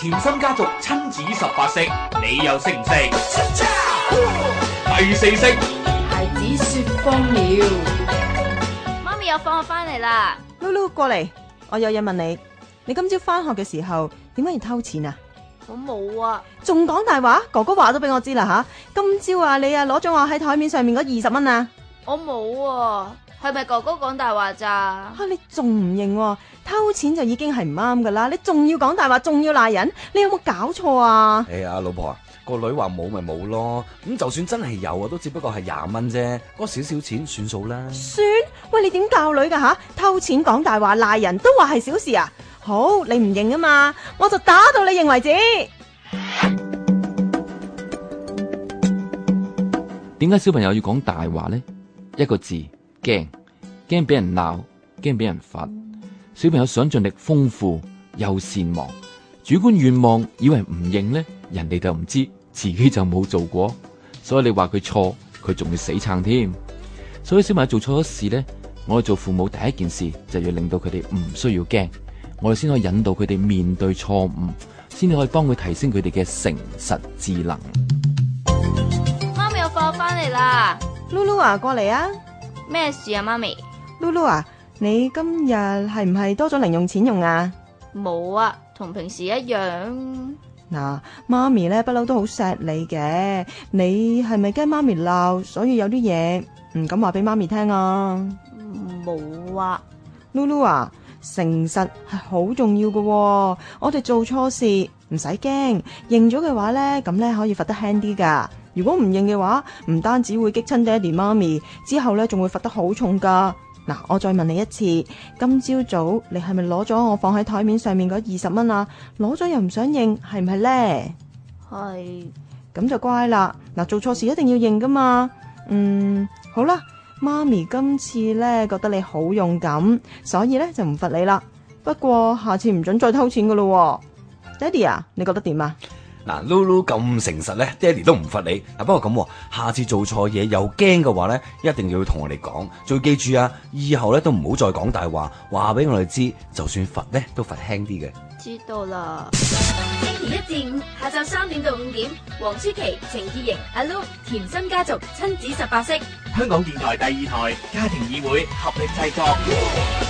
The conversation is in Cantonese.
甜心家族親子十八式，你又識唔識？ 第四式，孩子說謊了，媽咪又我放學翻嚟啦。嚕嚕過嚟，我有嘢問你。你今朝翻學嘅時候，點解要偷錢啊？我冇啊，仲講大話？哥哥話咗俾我知啦吓，今朝啊，你啊攞咗我喺台面上面嗰二十蚊啊，我冇喎。係咪哥哥講大話咋？吓，啊，你仲唔認，啊？偷錢就已經係唔啱噶啦，你仲要講大話，仲要賴人，你有冇搞錯啊？哎呀，老婆，個女話冇咪冇咯。咁就算真係有啊，都只不過係廿蚊啫，嗰少少錢算數啦。算？喂，你點教女噶吓，啊？偷錢講大話賴人都話係小事啊？好，你唔認啊嘛，我就打到你認為止。點解小朋友要講大話呢？一個字。驚驚俾人鬧，驚俾人罰。小朋友想象力豐富又善忘，主觀願望以為唔認咧，人哋就唔知，自己就冇做過。所以你話佢錯，佢仲要死撐添。所以小朋友做錯咗事咧，我哋做父母第一件事就要令到佢哋唔需要驚，我哋先可以引導佢哋面對錯誤，先至可以幫佢提升佢哋嘅誠實智能。媽咪又放翻嚟啦，Lulu 啊，Lulu, 過嚟啊！咩事啊，媽咪？Lulu 啊，你今日係唔係多咗零用錢用啊？冇啊，同平時一樣。嗱，媽咪咧不嬲都好錫你嘅，你係咪驚媽咪鬧，所以有啲嘢唔敢話俾媽咪聽啊？冇啊，Lulu 啊，誠實係好重要噶。我哋做錯事唔使驚，認咗嘅話咧，咁咧可以罰得輕啲噶。如果唔認嘅話，唔單止會激親爹哋媽咪，之後呢仲會罰得好重噶。嗱，我再問你一次，今朝早你係咪攞咗我放喺台面上面嗰二十蚊啊？攞咗又唔想認，係唔係呢？係是，咁就乖啦。嗱，做錯事一定要認噶嘛。嗯，好啦，媽咪今次呢覺得你好勇敢，所以呢就唔罰你啦。不過下次唔准再偷錢噶啦。爹哋啊，你覺得點啊？嗱，Lulu 咁誠實咧，爹 a 都唔罰你。嗱，不過咁，下次做錯嘢又驚嘅話咧，一定要同我哋講。最記住啊，以後咧都唔好再講大話，話俾我哋知，就算罰咧都罰輕啲嘅。知道啦。星期一至五下晝三點到五點，黃舒淇、程潔瑩、阿 Lulu，甜心家族親子十八式，香港電台第二台家庭議會合力製作。